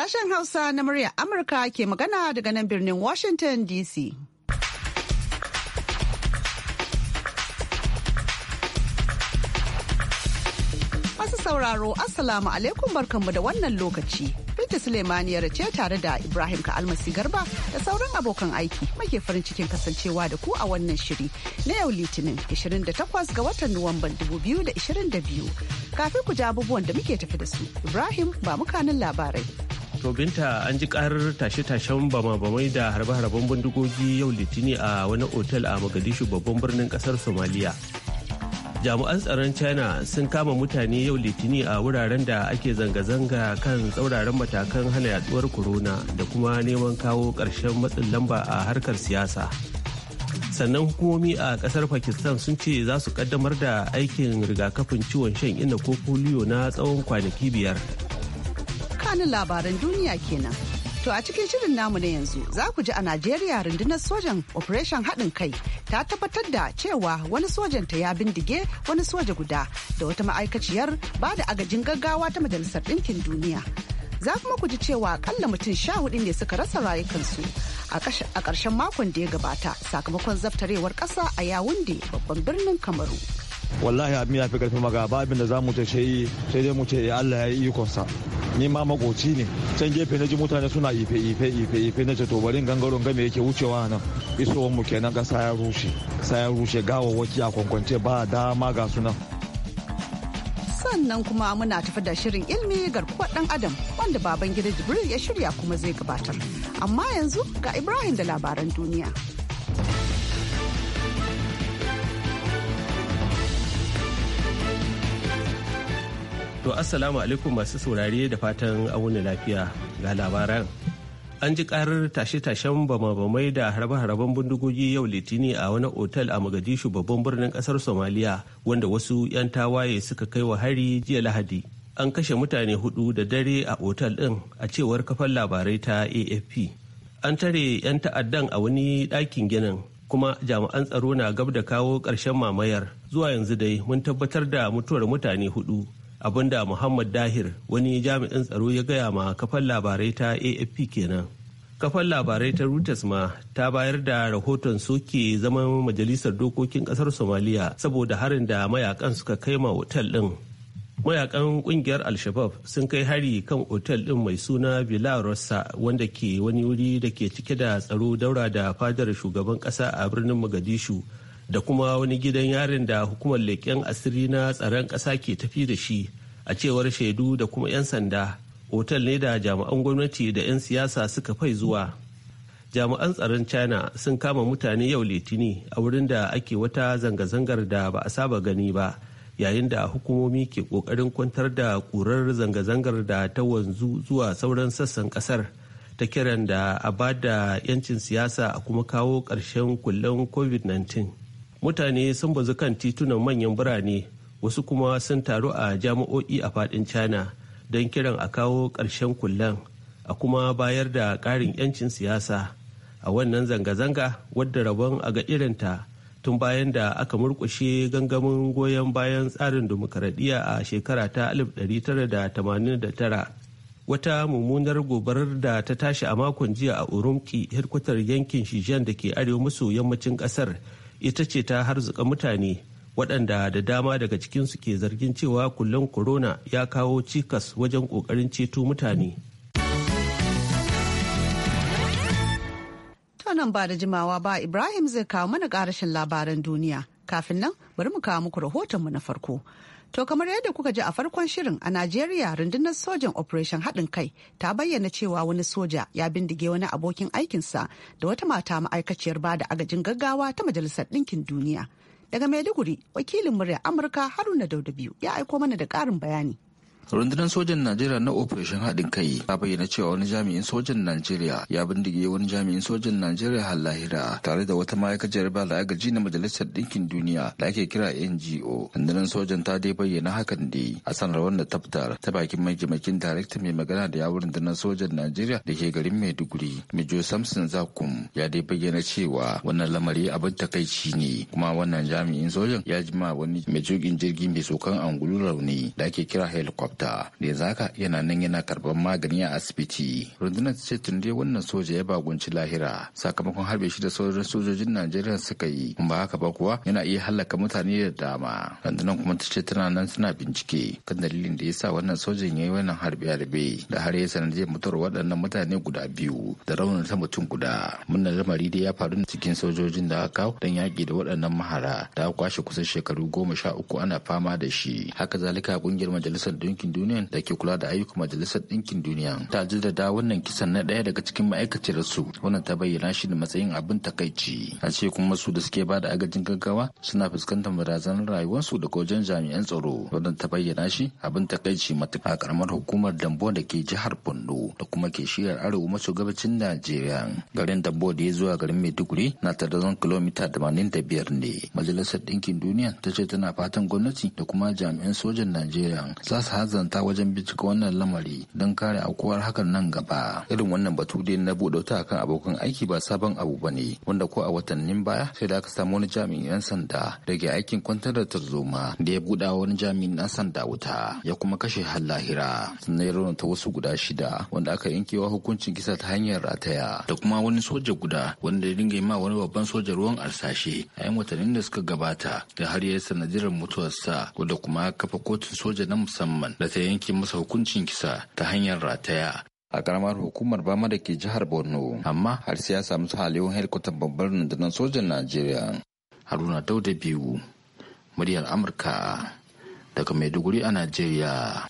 Sashen Hausa na muryar Amurka ke magana daga nan birnin Washington DC. Masu sauraro, Assalamu alaikum barkanmu da wannan lokaci. Binta Suleimani, ce tare da Ibrahim ka Almasi Garba da sauran abokan aiki make farin cikin kasancewa da ku a wannan shiri na yau Litinin 28 ga watan Nuwamban 2022. Kafin ku ja abubuwan da muke tafi da su, Ibrahim ba mukanin labarai. To binta an ji karar tashe-tashen bama-bamai da harbe-harben bindigogi yau litini a wani otal a Mogadishu babban birnin kasar Somalia. Jami'an tsaron China sun kama mutane yau litini a wuraren da ake zanga-zanga kan tsauraran matakan hana yaduwar corona da kuma neman kawo ƙarshen matsin lamba a harkar siyasa. Sannan hukumomi a ƙasar Pakistan sun ce za su kaddamar da aikin rigakafin ciwon shan ina ko polio na tsawon kwanaki biyar. kanin labaran duniya kenan. To a cikin shirin namu na yanzu za ku ji a Najeriya rundunar sojan Operation haɗin kai ta tabbatar da cewa wani sojan ta ya bindige wani soja guda da wata ma'aikaciyar ba da agajin gaggawa ta Majalisar Ɗinkin Duniya. Za kuma ku ji cewa akalla mutum sha hudu ne suka rasa rayukansu a ƙarshen makon da ya gabata sakamakon zaftarewar ƙasa a Yawunde babban birnin Kamaru. wallahi abin ya fi karfi maga ba abin da za mu yi sai dai mu ce ya eh, Allah ya yi ikonsa ni ma makoci ne can gefe na ji mutane suna ife ife ife ife na to barin gangaron game yake wucewa nan isowar mu kenan ga saya rushe saya rushe waki a kwankwance ba dama ga sunan sannan kuma muna tafi da shirin ilmi garkuwar dan adam wanda baban gida jibril ya shirya kuma zai gabatar amma yanzu ga ibrahim da labaran duniya To assalamu alaikum masu saurare da fatan wuni lafiya ga labaran. An ji karar tashe-tashen bama-bamai da harbe-harben bindigogi yau litini a wani otal a Mogadishu babban birnin kasar Somaliya wanda wasu 'yan tawaye suka kai wa hari jiya Lahadi. An kashe mutane hudu da dare a otal ɗin a cewar kafar labarai ta AFP. An tare 'yan ta'addan a wani ɗakin ginin kuma jami'an tsaro na gab da kawo ƙarshen mamayar zuwa yanzu dai mun tabbatar da mutuwar mutane hudu abinda muhammad dahir wani jami'in tsaro ya gaya ma kafar labarai ta afp kenan Kafan labarai ta reuters ma ta bayar da rahoton soke zama majalisar dokokin kasar somaliya saboda harin da mayakan suka kai ma otal din mayakan kungiyar al-shabab sun kai hari kan otal din mai suna villa rossa wanda ke wani wuri da ke cike da tsaro daura da fadar shugaban kasa a birnin Magadishu. da kuma wani gidan yarin da hukumar leƙen asiri na tsaron ƙasa ke tafi da shi a cewar shaidu da kuma 'yan sanda otal ne da jami'an gwamnati da 'yan siyasa suka fai zuwa jami'an tsaron china sun kama mutane yau litini a wurin da ake wata zanga-zangar da ba a saba gani ba yayin da hukumomi ke kokarin kwantar da kurar zanga-zangar da ta wanzu zuwa sauran sassan kasar ta kiran da a ba da 'yancin siyasa a kuma kawo ƙarshen kullen covid-19 mutane sun bazu kan titunan manyan birane wasu kuma sun taru a jami'o'i a fadin china don kiran a kawo ƙarshen kullen a kuma bayar da ƙarin 'yancin siyasa a wannan zanga-zanga wadda rabon a ga irinta tun bayan da aka murƙushe gangamin goyon bayan tsarin dimokuraɗiyya a shekara ta 1989 wata mummunar gobarar da ta tashi a makon jiya a urumki hirkutar yankin shijan da ke arewa maso yammacin ƙasar ita ce ta harzuka mutane waɗanda da dama daga cikinsu ke zargin cewa kullum corona ya kawo cikas wajen ƙoƙarin ceto mutane. nan ba da jimawa ba Ibrahim zai kawo mana ƙarashin labaran duniya. Kafin nan bari mu kawo muku rahotonmu na farko. To kamar yadda kuka ji a farkon shirin a Najeriya rundunar sojan Operation haɗin kai ta bayyana cewa wani soja ya bindige wani abokin aikinsa da wata mata ma'aikaciyar bada agajin gaggawa ta Majalisar Ɗinkin Duniya. Daga Maiduguri, wakilin murya Amurka Haruna biyu ya aiko mana da ƙarin bayani. rundunar sojan najeriya na operation haɗin kai ta bayyana cewa wani jami'in sojan najeriya ya bindige wani jami'in sojan najeriya har lahira tare da wata ma'aikaciyar ba da agaji na majalisar ɗinkin duniya da ake kira ngo rundunar sojan ta dai bayyana hakan ne a sanar wanda ta ta bakin magimakin darekta mai magana da yawon rundunar sojan najeriya da ke garin maiduguri mijo samson zakum ya dai bayyana cewa wannan lamari abin takaici ne kuma wannan jami'in sojan ya jima wani mai jirgin jirgi mai sokan angulu rauni da ake kira helicopter mota da yanzu yana nan yana karban magani a asibiti rundunar ce tun dai wannan soja ya bagunci lahira sakamakon harbe shi da sauran sojojin najeriya suka yi kuma haka ba kuwa yana iya halaka mutane da dama rundunar kuma ta ce tana nan suna bincike kan dalilin da ya sa wannan sojan ya yi wannan harbe harbe da har ya zai mutuwar waɗannan mutane guda biyu da raunin ta mutum guda Munna lamari dai ya faru cikin sojojin da aka kawo don yaƙi da waɗannan mahara da kwashe kusan shekaru goma sha uku ana fama da shi haka zalika ƙungiyar majalisar dinkin ɗinkin duniya da ke kula da ayyukan majalisar ɗinkin duniya ta jaddada wannan kisan na ɗaya daga cikin ma'aikaciyar su wannan ta bayyana shi da matsayin abin takaici a ce kuma su da suke bada agajin gaggawa suna fuskantar barazanar rayuwarsu daga wajen jami'an tsaro wannan ta bayyana shi abin takaici matuƙa karamar hukumar dambo da ke jihar Borno da kuma ke shirar arewa maso gabacin Najeriya garin dambo da ya zuwa garin Maiduguri na dazon kilomita 85 ne majalisar Dinkin duniya ta ce tana fatan gwamnati da kuma jami'an sojan Najeriya za su azanta wajen bincika wannan lamari don kare aukuwar hakan nan gaba irin wannan batu dai na buɗe wuta akan abokan aiki ba sabon abu ba ne wanda ko a watannin baya sai da aka samu wani jami'in 'yan sanda da aikin kwantar da tarzoma da ya buɗa wani jami'in 'yan sanda wuta ya kuma kashe har lahira sannan ya raunata wasu guda shida wanda aka yankewa hukuncin kisa ta hanyar rataya da kuma wani soja guda wanda ya dinga yi ma wani babban soja ruwan arsashe a yan watannin da suka gabata da har ya sanadiyar mutuwarsa wadda kuma kafa kotun soja na musamman da ta yanke masa hukuncin kisa ta hanyar rataya a karamar hukumar bama da ke jihar borno amma har sai ya samu halewar helikwatar babbar rundunar sojan najeriya haruna dauda biyu muryar amurka daga maiduguri a najeriya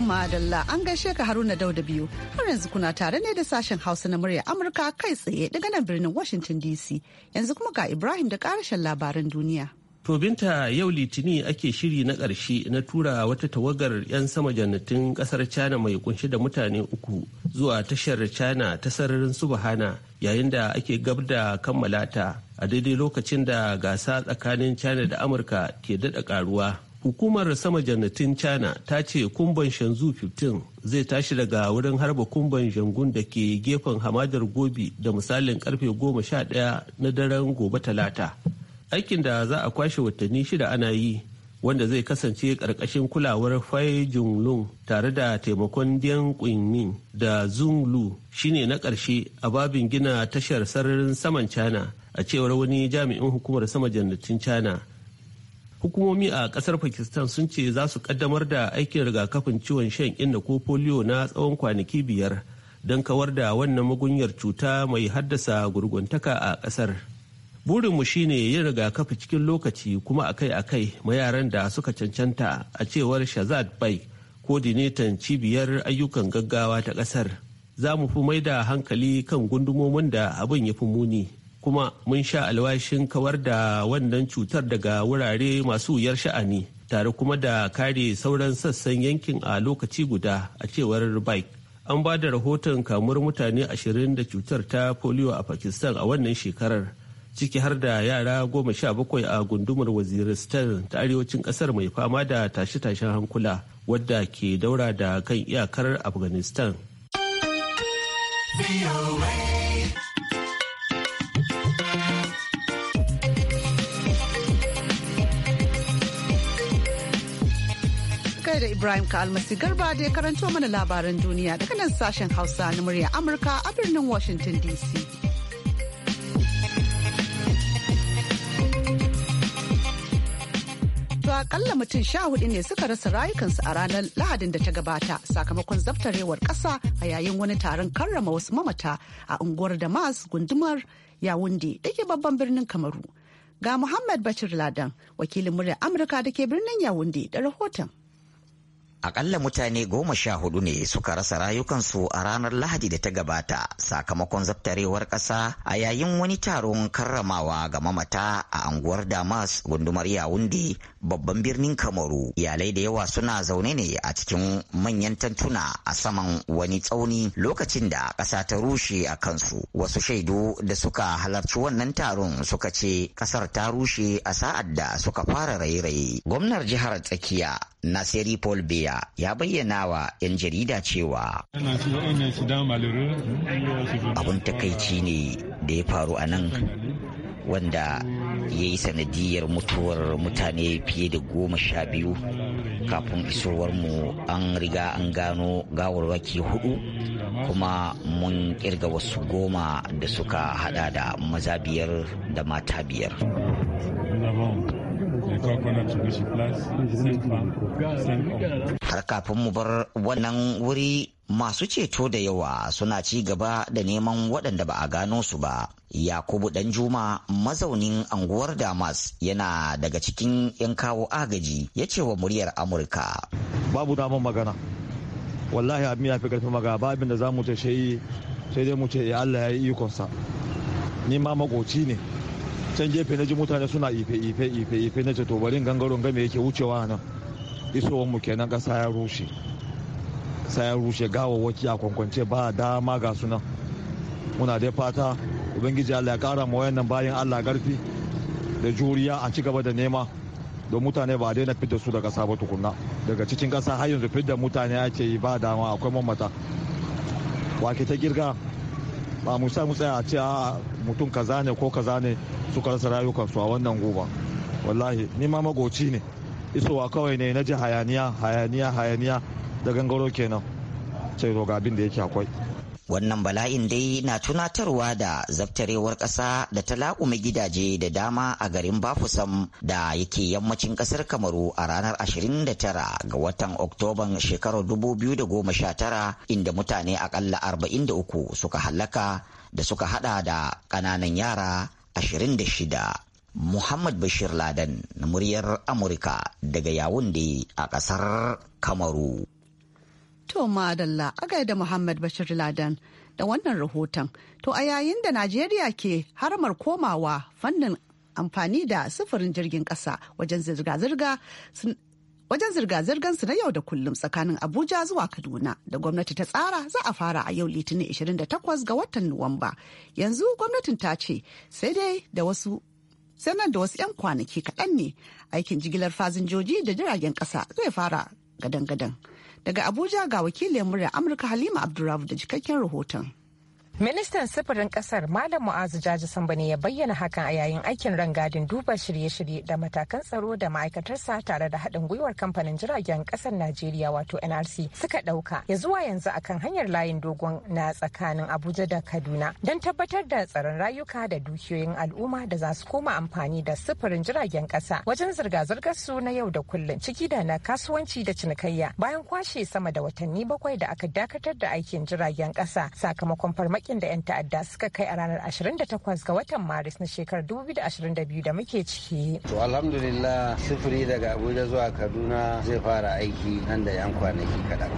ma madalla an gaishe ka Haruna Dauda biyu har yanzu kuna tare ne da sashen Hausa na murya Amurka kai tsaye daga nan birnin Washington DC yanzu kuma ga Ibrahim da karashen labaran duniya. To binta yau litini ake shiri na ƙarshe na tura wata tawagar 'yan sama jannatin ƙasar China mai kunshi da mutane uku zuwa tashar China ta sararin Subhana yayin da ake gab da kammala ta a daidai lokacin da gasa tsakanin China da Amurka ke daɗa ƙaruwa. hukumar sama jannatin china ta ce kumban shanzu 15 zai tashi daga wurin harba kumban jangun da ke gefen hamadar gobi da misalin karfe 11 na daren gobe talata aikin da za a kwashe watanni shida ana yi wanda zai kasance karkashin kulawar fai junglung tare da taimakon dian kunmin da zunglu shine na karshe a babin gina tashar sararin saman china a cewar wani jami'in hukumar sama jannatin china hukumomi a kasar pakistan sun ce za su kaddamar da aikin rigakafin ciwon shan inna ko polio na tsawon kwanaki biyar don kawar da wannan magunyar cuta mai haddasa gurguntaka a kasar burinmu shine yin rigakafi cikin lokaci kuma akai-akai ma yaran da suka cancanta a cewar shazad bai kodinetan cibiyar ayyukan gaggawa ta kasar za mu fi mai da hankali kan gundumomin da abin ya fi muni kuma mun sha alwashin kawar da wannan cutar daga wurare masu wuyar sha'ani tare kuma da kare sauran sassan yankin a lokaci guda a cewar bike an ba da rahoton kamuwar mutane ashirin da cutar ta polio a pakistan a wannan shekarar ciki har da yara goma sha bakwai a gundumar waziristan ta arewacin kasar mai fama da tashe-tashen hankula wadda ke daura da kan iyakar afghanistan. da Ibrahim ka almasi Garba da ya karanto mana labaran duniya daga nan sashen Hausa na murya Amurka a birnin Washington DC. akalla mutum sha hudu ne suka rasa rayukansu a ranar lahadin da ta gabata sakamakon zaftarewar kasa a yayin wani taron karrama wasu mamata a unguwar damas gundumar yawunde da ke babban birnin kamaru ga muhammad Bachir ladan wakilin murya amurka da ke birnin yawundi da rahoton Akalla mutane goma sha hudu ne suka rasa rayukansu a ranar Lahadi da ta gabata sakamakon zaftarewar ƙasa a yayin wani taron karramawa ga mamata a anguwar Damas gundumar Yawundi babban birnin Kamaru. Iyalai da yawa suna zaune ne a cikin manyan tantuna a saman wani tsauni lokacin da ƙasa ta rushe a kansu. Wasu shaidu da suka halarci wannan taron suka ce ƙasar ta rushe a sa'ad da suka fara raye-raye. Gwamnar jihar tsakiya Nasiri Paul Biya ya bayyana wa 'yan jarida cewa abun takaici ne da ya faru a nan wanda ya yi sanadiyar mutuwar mutane fiye da goma sha biyu kafin isowarmu an riga an gano gawarwaki hudu kuma mun kirga wasu goma da suka hada da maza biyar da mata biyar Har kafin mu bar wannan wuri masu ceto da yawa suna ci gaba da neman waɗanda ba a gano su ba. Yakubu Danjuma mazaunin anguwar Damas yana daga cikin 'yan kawo agaji ya ce wa muryar Amurka. Babu damar magana. Wallahi abin ya fi ƙarfi magana ba abin da za mu ce sai dai mu ce ya Allah ya yi ikonsa. Ni ma makoci ne. can gefe na ji mutane suna ife ife ife ife na to barin gangaron game yake wucewa nan isowar mu kenan kasa ya rushe sai ya rushe a kwankwance ba dama ga suna muna dai fata ubangiji allah ya kara ma nan bayan allah karfi da juriya a ci gaba da nema don mutane ba daina fidda su daga sabo tukunna daga cikin kasa har yanzu fidda mutane ake yi ba dama akwai mamata wake ta girga ba mu sa mu tsaya a ce a mutum kaza ne ko kaza ne suka rasa rayukansu a wannan goba wallahi ni ma magoci ne isowa kawai ne na ji hayaniya hayaniya hayaniya da gangaro kenan sai ga abin da yake akwai Wannan bala'in dai na tunatarwa da zabtarewar ƙasa da ta laƙume gidaje da dama a garin Bafusam da yake yammacin ƙasar Kamaru a ranar 29 ga watan Oktoban shekarar 2019 inda mutane akalla 43 suka halaka da suka hada da ƙananan yara 26. Muhammad Bashir ladan na muryar Amurka daga Yawunde a ƙasar Kamaru. To madalla a gaida Muhammad Bashir Ladan da wannan rahoton. To a yayin da Najeriya ke haramar komawa fannin amfani da sufurin jirgin ƙasa wajen zirga-zirga zirgar su na yau da kullum tsakanin Abuja zuwa Kaduna da gwamnati ta tsara za a fara a yau Litinin 28 ga watan Nuwamba. Yanzu gwamnatin ta ce sai dai da wasu sai nan da wasu 'yan kwanaki kaɗan ne aikin jigilar fasinjoji da jiragen ƙasa zai fara gadan-gadan. Daga Abuja ga wakilin murya Amurka Halima abdurrahman da cikakken rahoton. Ministan sufurin kasar Malam Mu'azu Jaji ne ya bayyana hakan a yayin aikin rangadin duba shirye-shirye da matakan tsaro da ma'aikatarsa tare da haɗin gwiwar kamfanin jiragen kasar Najeriya wato NRC suka ɗauka ya zuwa yanzu akan hanyar layin dogon na tsakanin Abuja da Kaduna don tabbatar da tsaron rayuka da dukiyoyin al'umma da za su koma amfani da sufurin jiragen kasa wajen zirga-zirgar su na yau da kullum ciki da na kasuwanci da cinikayya bayan kwashe sama da watanni bakwai da aka dakatar da aikin jiragen kasa sakamakon farmaki yakin da 'yan ta'adda suka kai a ranar 28 ga watan maris na shekarar 2022 da muke ciki. to alhamdulillah sufuri daga abuja zuwa kaduna zai fara aiki nan da 'yan kwanaki kaɗan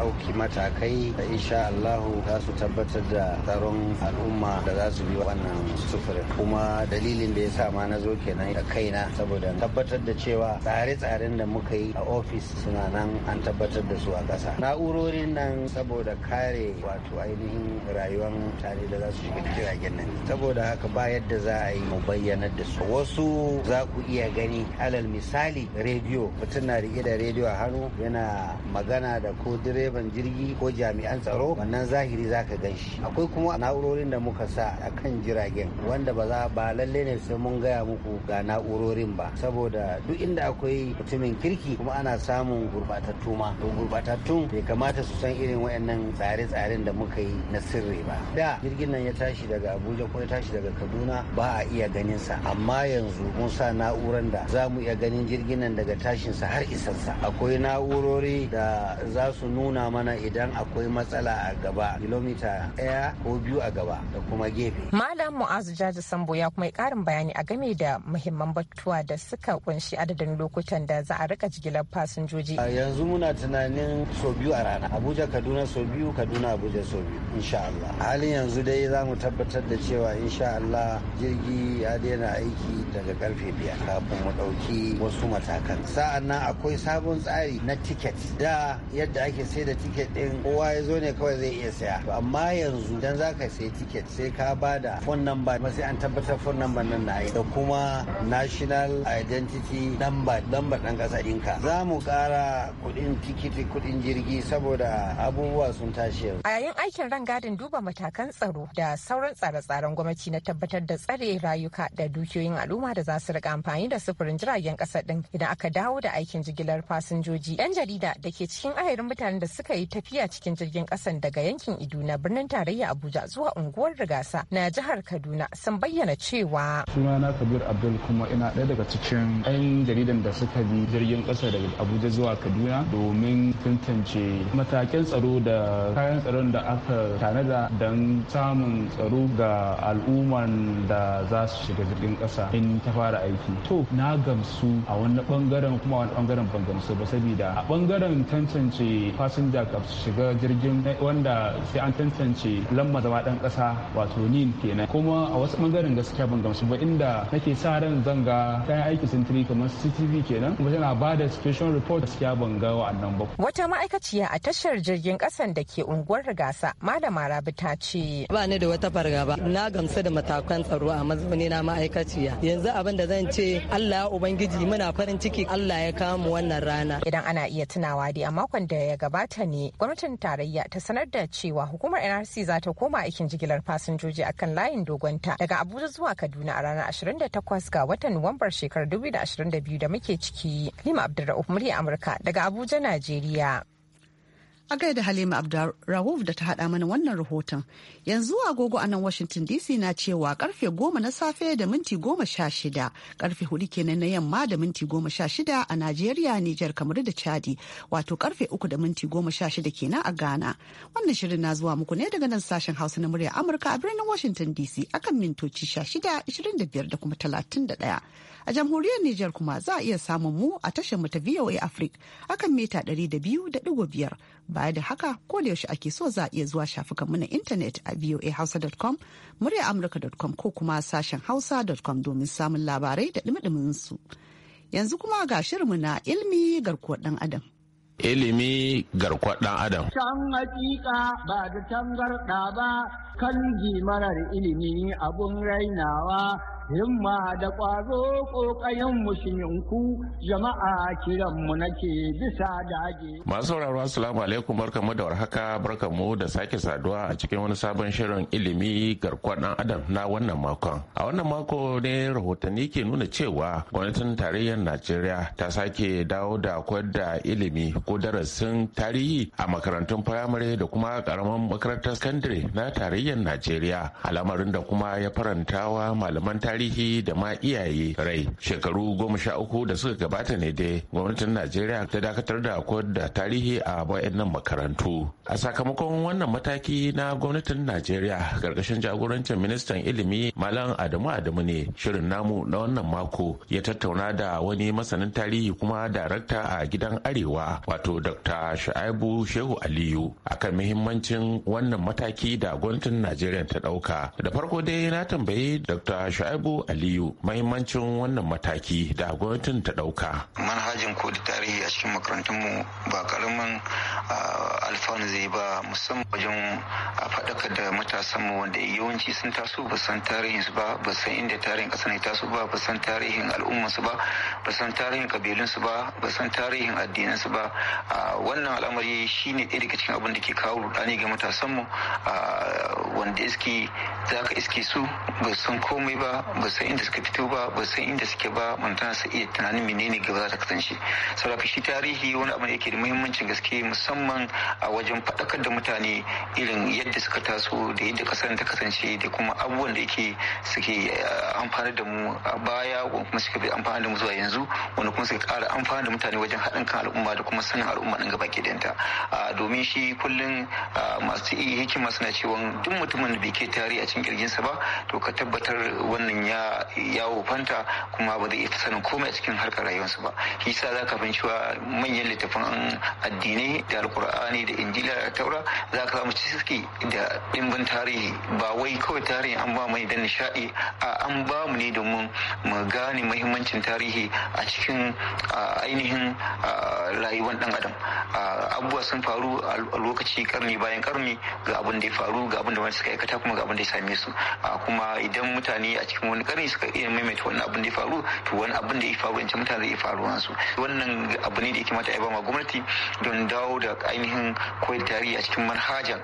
auki matakai da insha allahu za su tabbatar da tsaron al'umma da za su bi wannan sufuri. kuma dalilin da ya sa ma na zo kenan da kaina saboda tabbatar da cewa tsare-tsaren da muka yi a ofis suna nan an tabbatar da su a ƙasa na'urorin nan saboda kare wato ainihin rayuwa sauran mutane da za su shiga jiragen nan saboda haka ba yadda za a yi mu bayyana da su wasu za ku iya gani alal misali rediyo mutum na riƙe da rediyo a hannu yana magana da ko direban jirgi ko jami'an tsaro wannan zahiri za ka gan shi akwai kuma na'urorin da muka sa a kan jiragen wanda ba za ba lalle ne sai mun gaya muku ga na'urorin ba saboda duk inda akwai mutumin kirki kuma ana samun gurbatattu ma to gurbatattun bai kamata su san irin waɗannan tsare-tsaren da muka yi na sirri ba da jirgin nan ya tashi daga abuja ko ya tashi daga kaduna ba a iya ganin sa amma yanzu mun sa na'uran da za mu iya ganin jirgin nan daga sa har sa akwai na'urori da za su nuna mana idan akwai matsala a gaba kilomita ɗaya ko biyu a gaba da kuma gefe malam mu'azu jaji sambo ya kuma karin bayani a game da muhimman batuwa da suka kunshi adadin lokutan da za a rika jigilar fasinjoji yanzu muna tunanin sau biyu a rana abuja kaduna sau biyu kaduna abuja sau biyu insha Allah halin yanzu dai za mu tabbatar da cewa insha Allah jirgi ya daina aiki daga karfe biyar kafin mu ɗauki wasu matakan sa'an nan akwai sabon tsari na tiket da yadda ake sai da tiket ɗin kowa ya zo ne kawai zai iya saya amma yanzu dan za ka sai tiket sai ka ba da phone number sai an tabbatar phone number nan na da kuma national identity number lambar ɗan ƙasa ɗinka za mu ƙara kuɗin tikiti kuɗin jirgi saboda abubuwa sun tashi yanzu a yayin aikin rangadin duba matakan tsaro da sauran tsare-tsaren gwamnati na tabbatar da tsare rayuka da dukiyoyin al'umma da za su rika amfani da sufurin jiragen kasa din idan aka dawo da aikin jigilar fasinjoji yan jarida da ke cikin ayarin mutanen da suka yi tafiya cikin jirgin kasan daga yankin iduna birnin tarayya abuja zuwa unguwar rigasa na jihar kaduna sun bayyana cewa sunana kabir abdul kuma ina ɗaya daga cikin yan jaridan da suka bi jirgin kasa daga abuja zuwa kaduna domin tantance matakin tsaro da kayan tsaron da aka tanada don samun tsaro ga al'umman da za su shiga jirgin kasa in ta fara aiki to na gamsu a wani bangaren kuma wani bangaren ban gamsu ba saboda a bangaren tantance fasinja ka shiga jirgin eh, wanda sai an tantance lamma zama dan kasa wato nin kenan kuma a wasu bangaren gaskiya ban gamsu ba inda nake sa ran zanga kayan aiki sun tiri kamar CCTV kenan kuma tana ba da situation report gaskiya ban ga wa'annan ba wata ma'aikaciya a tashar jirgin kasan da ke unguwar rigasa malama rabi ta ce ba ni da wata fargaba na gamsu da matakan tsaro a mazauni na ma'aikaciya yanzu abin da zan ce Allah ubangiji muna farin ciki Allah ya mu wannan rana idan ana iya tunawa dai a makon da ya gabata ne gwamnatin tarayya ta sanar da cewa hukumar NRC za ta koma aikin jigilar fasinjoji akan layin dogonta daga Abuja zuwa Kaduna a ranar 28 ga watan Nuwambar shekarar 2022 da muke ciki Lima Abdulrahman murya Amurka daga Abuja Najeriya a gaida Halima Abdurrahuf da ta haɗa mana wannan rahoton. Yanzu agogo a nan Washington DC na cewa karfe goma na safe da minti goma sha shida, karfe hudu kenan na yamma da minti goma sha shida a Najeriya, Nijar, kamar da Chadi, wato karfe uku da minti goma sha shida kenan a Ghana. Wannan shirin na zuwa muku ne daga nan sashen Hausa na murya Amurka a birnin Washington DC akan mintoci sha shida, ishirin da biyar da kuma talatin da ɗaya. A jamhuriyar Nijar kuma za a iya samun mu a tashar mu ta VOA Africa akan mita ɗari da biyu da ɗigo biyar. baya da haka ko da yaushe ake so za a iya zuwa shafukan na intanet a voahausa.com muryaamurka.com ko kuma sashen hausa.com domin samun labarai da dumi su yanzu kuma ga shirinmu na ilmi garkuwar dan adam ilimi garkuwar ɗan adam. Can hakika ba da tangarɗa ba kan marar ilimi abun rainawa himma da ƙwazo ƙoƙayen musulminku jama'a kiranmu nake bisa dage. Masu sauraro assalamu alaikum barkamu da warhaka barkamu da sake saduwa a cikin wani sabon shirin ilimi garkuwar ɗan adam na wannan makon. A wannan mako ne rahotanni ke nuna cewa gwamnatin tarayyar Najeriya ta sake dawo da koyar da ilimi ko darasin tarihi a makarantun firamare da kuma ƙaramin makarantar sakandare na tarayyar Najeriya. Al'amarin da kuma ya farantawa malaman tarihi tarihi da ma iyaye rai shekaru goma sha uku da suka gabata ne dai gwamnatin najeriya ta dakatar da koyar da tarihi a wayannan makarantu a sakamakon wannan mataki na gwamnatin najeriya karkashin jagorancin ministan ilimi malam adamu adamu ne shirin namu na wannan mako ya tattauna da wani masanin tarihi kuma darakta a gidan arewa wato dr shaibu shehu aliyu akan muhimmancin wannan mataki da gwamnatin najeriya ta dauka da farko dai na tambayi dr Shu'aibu. Shu'aibu Aliyu mahimmancin wannan mataki da gwamnatin ta dauka. Manhajin kodi tarihi a cikin makarantunmu ba karamin alfanu zai ba musamman wajen a faɗaka da matasanmu wanda yawanci sun taso ba san tarihinsu ba ba san inda tarihin ƙasa ne taso ba ba san tarihin al'ummarsu ba ba san tarihin kabilunsu ba ba san tarihin addinansu ba wannan al'amari shine ɗaya daga cikin abin da ke kawo rudani ga matasanmu wanda iski za ka iske su ba san komai ba ba san inda suka fito ba ba san inda suke ba mantana su iya tunanin menene gaba za ta kasance saboda shi tarihi wani abu ne yake da muhimmancin gaske musamman a wajen faɗakar da mutane irin yadda suka taso da yadda kasar ta kasance da kuma abubuwan da yake suke eh, amfani da mu a baya wani kuma suka bi amfani da mu zuwa yanzu wani kuma suka ƙara amfani da mutane wajen haɗin kan al'umma da kuma sanin al'umma ɗin gaba a domin shi kullum masu eh, hikima suna cewa duk mutumin da bai ke tarihi a cikin kirginsa ba to ka tabbatar wannan ya ya wufanta kuma ba zai iya sanin komai a cikin harkar rayuwarsa ba shi yasa za ka cewa manyan littafan addinai da alkur'ani da injila da taura zaka samu ciki da dimbin tarihi ba wai kawai tarihi an ba ne dan nishaɗi a an ba mu ne domin mu gane muhimmancin tarihi a cikin ainihin rayuwar ɗan adam abubuwa sun faru a lokaci karni bayan karni ga abin da ya faru ga abin da wani suka aikata kuma ga abin da ya same su kuma idan mutane a cikin wani karni suka iya maimaita wani abin da ya faru to wani abin da ya faru in mutane zai faru faruwa su wannan abu ne da yake mata a ba ma gwamnati don dawo da ainihin koyar tarihi a cikin manhajan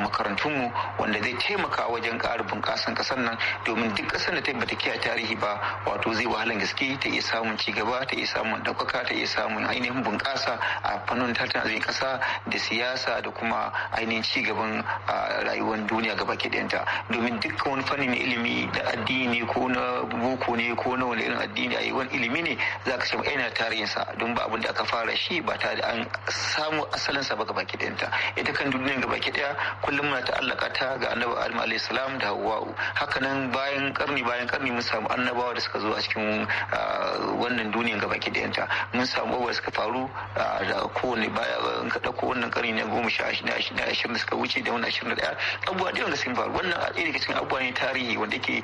makarantunmu wanda zai taimaka wajen ƙara bunƙasan ƙasar nan domin duk ƙasar da ta bata kiyaye tarihi ba wato zai wahalar gaske ta iya samun cigaba ta iya samun ɗaukaka ta iya samun ainihin bunƙasa a fannin tattalin arzikin kasa da siyasa da kuma ainihin ci gaban rayuwar duniya gaba ɗanta domin dukkan wani fannin ilimi da addini ko na boko ne ko na wani irin addini a wani ilimi ne za ka ce yana tarihinsa don ba abin da aka fara shi ba ta da an samu asalinsa ba gaba ɗanta ita kan duniya gaba ɗaya kullum muna ta'allaka ta ga annabi adam alayhi salam da hawwa'u hakanan bayan karni bayan karni mun samu annabawa da suka zo a cikin wannan duniyan gaba ɗanta mun samu da suka faru da kowane baya ba in ka ɗauko wannan ƙarni na goma sha ashirin ashirin da suka wuce da wannan ashirin da ɗaya abubuwa da yawan gaske ba wannan a ɗaya cikin abubuwa ne tarihi wanda yake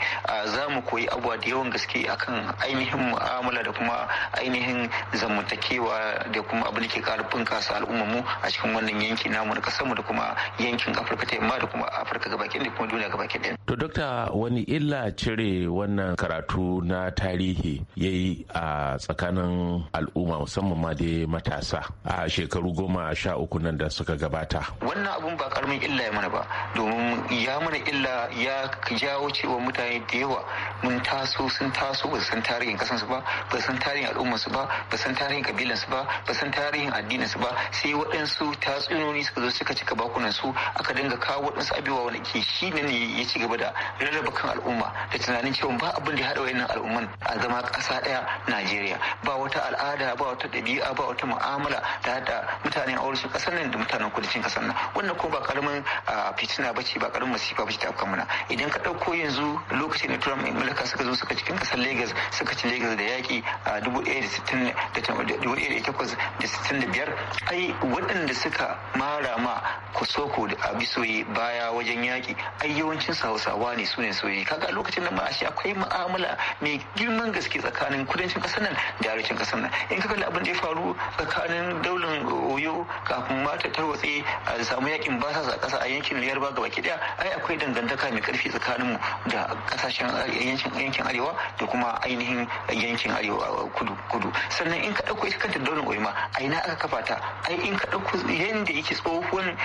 za mu koyi abubuwa da yawan gaske akan ainihin mu'amala da kuma ainihin zamantakewa da kuma abin da ke ƙara bunƙasa al'ummar mu a cikin wannan yanki namu na ƙasar mu da kuma yankin Afirka ta yamma da kuma Afirka gabakin da kuma duniya gabakin ɗaya. To dokta wani illa cire wannan karatu na tarihi yayi a tsakanin al'umma musamman ma dai matasa a shekaru shekaru goma sha uku nan da suka gabata wannan abun ba karamin illa ya mana ba domin ya mana illa ya jawo cewa mutane da yawa mun taso sun taso ba san tarihin kasansu ba ba san tarihin su ba ba san tarihin su ba ba san tarihin addininsu ba sai waɗansu tatsuniyoyi suka zo suka cika bakunan su aka dinga kawo waɗansu abubuwa wani ke shi ne ya ci gaba da rarraba kan al'umma da tunanin cewa ba abin da ya haɗa wayannan al'umman a zama ƙasa ɗaya Najeriya ba wata al'ada ba wata ɗabi'a ba wata mu'amala da haɗa mutanen aure su kasar nan da mutanen kudancin kasar nan wannan ko ba karamin fitina ba ce ba karamin masifa ba ce ta afkan mana idan ka ɗauko yanzu lokacin da turan mulka suka zo suka cikin kasar Legas suka ci Legas da yaƙi a dubu ɗaya da sittin da dubu ɗaya da takwas da sittin da biyar ai waɗanda suka mara ma kosoko da abisoyi baya wajen yaƙi ai yawancin hausawa ne su ne soyi kaga lokacin da ma ashe akwai mu'amala mai girman gaske tsakanin kudancin kasar nan da arewacin kasar nan in ka kalli abin da ya faru tsakanin daular oyo kafin ma ta tarwatse a samu yakin ba sa ƙasa a yankin yarba gaba ki daya ai akwai dangantaka mai karfi tsakanin mu da kasashen yankin arewa da kuma ainihin yankin arewa kudu kudu sannan in ka dauko ita kanta daular oyo ma a ina aka kafa ta ai in ka dauko yanda yake tsohon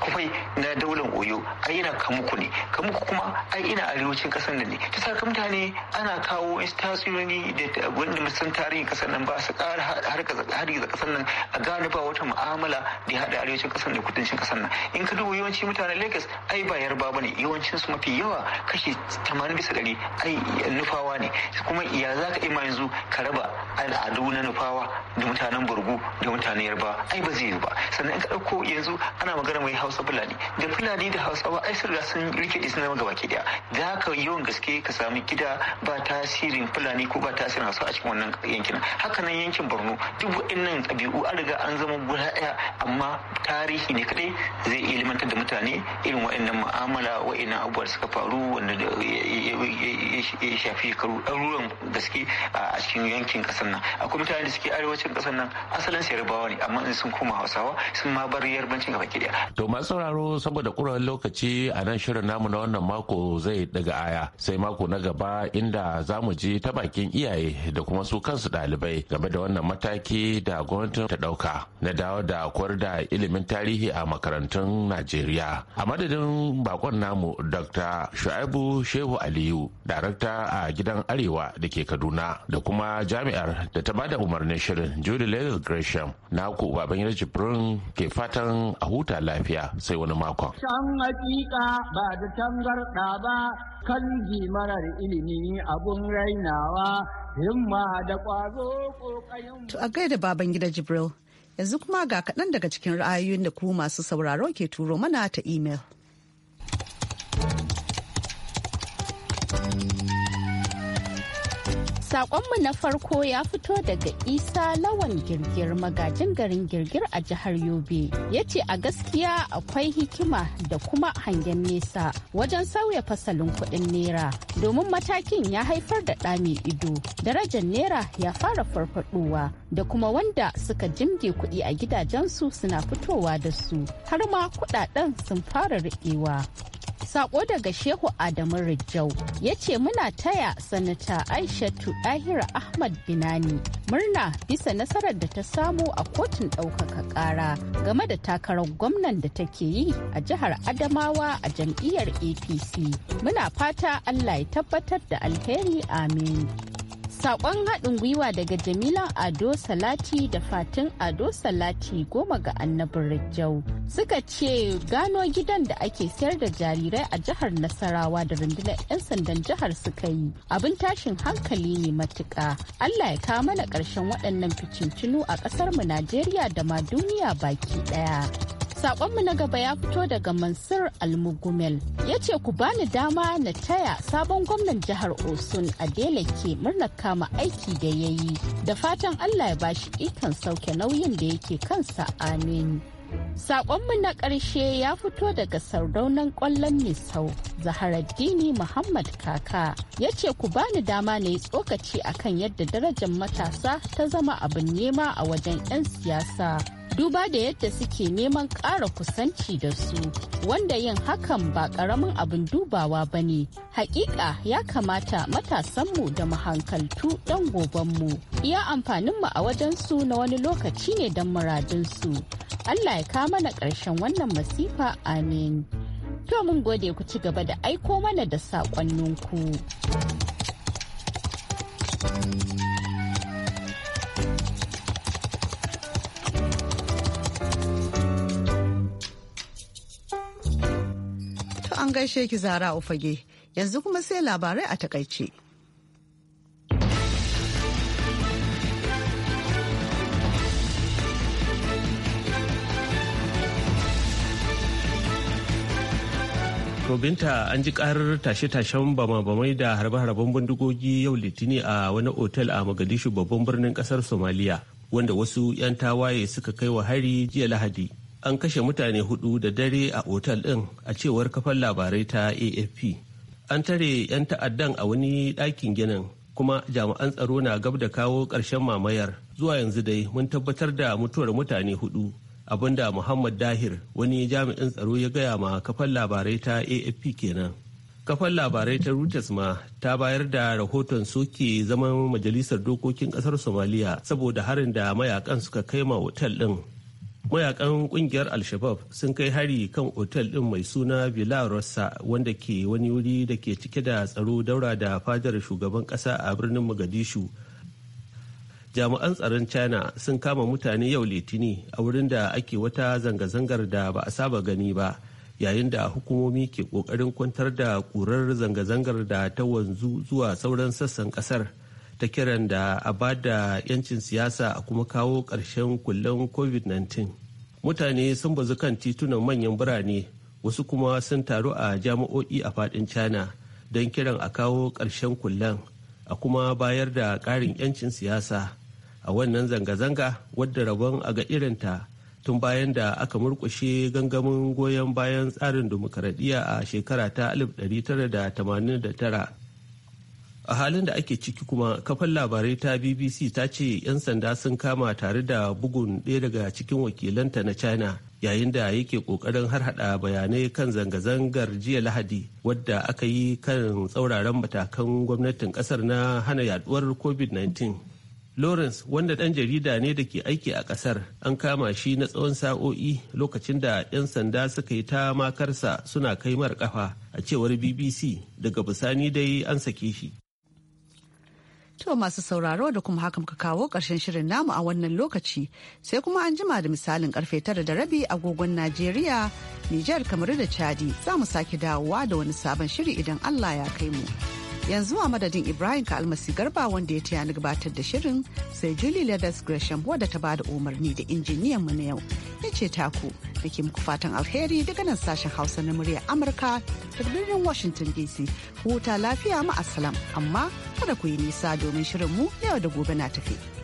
kufai na daular koyo ai ina kamuku ne kamuku kuma ai ina arewacin kasar nan ne ta saka mutane ana kawo wasu tatsuniyoyi da wanda musan tarihin kasar nan ba su kara har da kasar nan a gane ba wata mu'amala da ya haɗa arewacin kasar da kudancin kasar nan in ka duba yawanci mutanen lagos ai ba yarba ba ne yawancin su mafi yawa kashi tamanin bisa ɗari ai nufawa ne kuma ya za ka ima yanzu ka raba al'adu na nufawa da mutanen burgu da mutanen yarba ai ba zai yi ba sannan in ka ɗauko yanzu ana magana mai hausa fulani da fulani shi da hausawa ai sun riga sun rike sun zama gaba daya za ka yawan gaske ka sami gida ba tasirin fulani ko ba tasirin hausa a cikin wannan yankin haka nan yankin borno duk waɗannan ɗabi'u an riga an zama guda ɗaya amma tarihi ne kaɗai zai ilimantar da mutane irin waɗannan mu'amala waɗannan abubuwa da suka faru wanda ya shafi ɗaruran gaske a cikin yankin ƙasar nan akwai mutane da suke arewacin ƙasar nan asalin su yarbawa ne amma in sun koma hausawa sun ma bar yarbancin gaba ki to masu sauraro saboda ƙura tsawon lokaci a nan shirin namu na wannan mako zai daga aya sai mako na gaba inda za mu ji ta bakin iyaye da kuma su kansu dalibai game da wannan mataki da gwamnatin ta ɗauka na dawo da koyar da ilimin tarihi a makarantun Najeriya. A madadin bakon namu Dr. Shu'aibu Shehu Aliyu, darakta a gidan Arewa da ke Kaduna da kuma jami'ar da ta bada umarnin shirin Julie Legal Gresham na ku baban Jibrin ke fatan a huta lafiya sai wani makon. hakika ba da tangarɗa ba kan marar ilimi abun rainawa himma da ƙwazo ƙoƙarin. To a gaida baban gida Jibril, yanzu kuma ga kaɗan daga cikin ra'ayoyin da ku masu sauraro ke turo mana ta imel. Sakonmu na farko ya fito daga Isa Lawan Girgir magajin garin Girgir a jihar Yobe. Ya ce a gaskiya akwai hikima da kuma hangen nesa wajen sauya fasalin kuɗin nera Domin matakin ya haifar da ɗami ido. Darajar nera ya fara farfaɗowa da kuma wanda suka jimge kuɗi a gidajensu suna fitowa da su. Har ma kuɗaɗen sun fara riƙewa. Sako daga Shehu Adamu Rijau ya ce muna taya sanata Aishatu Dahira Ahmad Binani murna bisa nasarar da ta samu a kotun ɗaukaka ƙara game da takarar gwamnan da take yi a jihar Adamawa a jam'iyyar APC. Muna fata Allah ya tabbatar da alheri amin. Sakon haɗin gwiwa daga Jamila Ado Salati da Fatin Ado Salati goma ga annabin Rijau suka ce gano gidan da ake sayar da jarirai a jihar Nasarawa da rundunar 'yan sandan jihar suka yi abin tashin hankali ne matuƙa. Allah ya kawo mana ƙarshen waɗannan ficincinu a ƙasarmu Najeriya da ma duniya baki ɗaya. Sakonmu na gaba ya fito daga Mansur Almugumel. Ya ce ku bani dama na taya sabon gwamnan jihar Osun a ke murna kama aiki da ya yi. Da fatan Allah ya bashi ikon sauke nauyin da yake kansa amin. Sakonmu na ƙarshe ya fito daga sardaunan ƙwallon Misau, Zaharaddini Muhammad Kaka, ya ce ku bani dama na yi tsokaci akan yadda darajar matasa ta zama abin nema a wajen 'yan siyasa. duba da yadda suke neman ƙara kusanci da su wanda yin hakan ba ƙaramin abin dubawa ba ne hakika ya kamata matasanmu da mahankaltu ɗan gobenmu iya amfaninmu a wajensu na wani lokaci ne don muradinsu allah ya ka mana ƙarshen wannan masifa amin to mun gode ku ci gaba da aiko mana da saƙonninku. an gaishe ki zara ufage yanzu kuma sai labarai a takaice. To binta an ji karar tashe-tashen bama-bamai da harbe-harben bindigogi yau litini a wani otel a Mogadishu babban birnin kasar Somaliya wanda wasu 'yan tawaye suka kai wa hari jiya Lahadi. an kashe mutane hudu da dare a otal ɗin a cewar kafar labarai ta afp an tare 'yan ta'addan a wani ɗakin ginin kuma jami'an tsaro na gab da kawo ƙarshen mamayar zuwa yanzu dai mun tabbatar da mutuwar mutane hudu abinda muhammad dahir wani jami'in tsaro ya gaya ma kafar labarai ta afp kenan kafar labarai ta reuters ma ta bayar da rahoton soke zaman majalisar dokokin ƙasar somaliya saboda harin da mayakan suka kai ma otal ɗin mayakan kungiyar al-shabab sun kai hari kan otel din mai suna villa rossa wanda ke wani wuri da ke cike da tsaro daura da fadar shugaban kasa a birnin mogadishu jami'an tsaron china sun kama mutane yau litini a wurin da ake wata zanga-zangar da ba a saba gani ba yayin da hukumomi ke kokarin kwantar da kurar zanga-zangar da ta wanzu zuwa sauran sassan kasar. ta kiran da a ba da 'yancin siyasa a kuma kawo ƙarshen kullen covid-19 mutane sun bazu kan titunan manyan birane wasu kuma sun taru a jami'o'i a fadin china don kiran a kawo ƙarshen kullen a kuma bayar da ƙarin 'yancin siyasa a wannan zanga-zanga wadda rabon a ga irinta tun bayan da aka murkushe gangamin goyon bayan tsarin dimokuraɗiyya a shekara ta 1989 a halin da ake ciki kuma kafan labarai ta bbc ta ce 'yan sanda sun kama tare da bugun ɗaya daga cikin wakilanta na china yayin da yake kokarin harhaɗa bayanai kan zanga-zangar jiya lahadi wadda aka yi kan tsauraran matakan gwamnatin kasar na hana yaduwar covid-19 lawrence wanda ɗan jarida ne da ke aiki a kasar, an kama shi na tsawon sa'o'i lokacin da 'yan sanda suka yi ta makarsa suna kai mar kafa a cewar bbc daga bisani dai an sake shi To masu sauraro da kuma haka muka kawo ƙarshen shirin namu a wannan lokaci sai kuma an jima da misalin karfe tara da rabi agogon Najeriya, Nijar kamar da Chadi za mu sake dawowa da wani sabon shiri idan Allah ya kai mu. yanzu a madadin ibrahim ka almasi garba wanda ya taya ni gabatar da shirin sai julie ladas gresham wadda ta ba bada umarni da injiniyan mu na yau ya ce taku da ke muku fatan alheri daga nan sashen hausa na murya amurka daga birnin washington dc huta lafiya ma amma kada ku yi nisa domin shirin mu yau da gobe na tafi.